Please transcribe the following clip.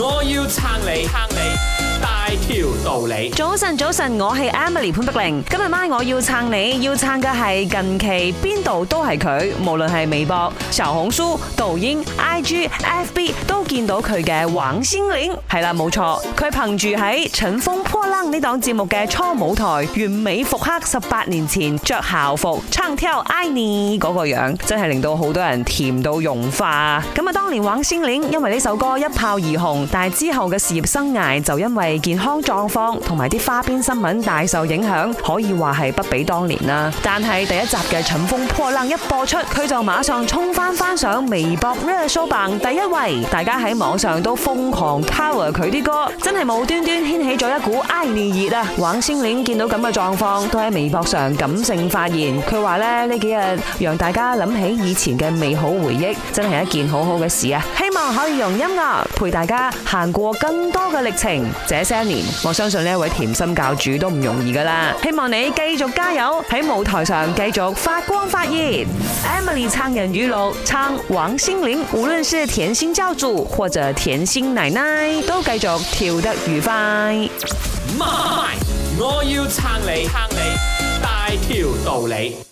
我要撐你，撐你大條道理。早晨，早晨，我係 Emily 潘碧玲。今日晚我要撐你，要撐嘅係近期邊度都係佢，無論係微博、小紅書、抖音、IG B、FB 都見到佢嘅王仙齡。係啦，冇錯，佢憑住喺《尋風破浪》呢檔節目嘅初舞台，完美復刻十八年前着校服撐挑 Ivy 嗰個樣，真係令到好多人甜到融化。咁啊，當年王仙齡因為呢首歌一炮而紅。但係之後嘅事業生涯就因為健康狀況同埋啲花邊新聞大受影響，可以話係不比當年啦。但係第一集嘅《乘風破浪》一播出，佢就馬上衝翻翻上微博熱搜榜第一位，大家喺網上都瘋狂 cover 佢啲歌，真係無端端掀起咗一股愛你熱。熱啊！王心凌見到咁嘅狀況，都喺微博上感性發言，佢話呢幾日讓大家諗起以前嘅美好回憶，真係一件好好嘅事啊！可以用音樂陪大家行過更多嘅歷程。這些年，我相信呢位甜心教主都唔容易噶啦。希望你繼續加油，喺舞台上繼續發光發熱 em。Emily 撐人語錄，撐王心凌，無論是甜心教主或者甜心奶奶，都繼續跳得愉快。媽我要撐你，撐你大條道理。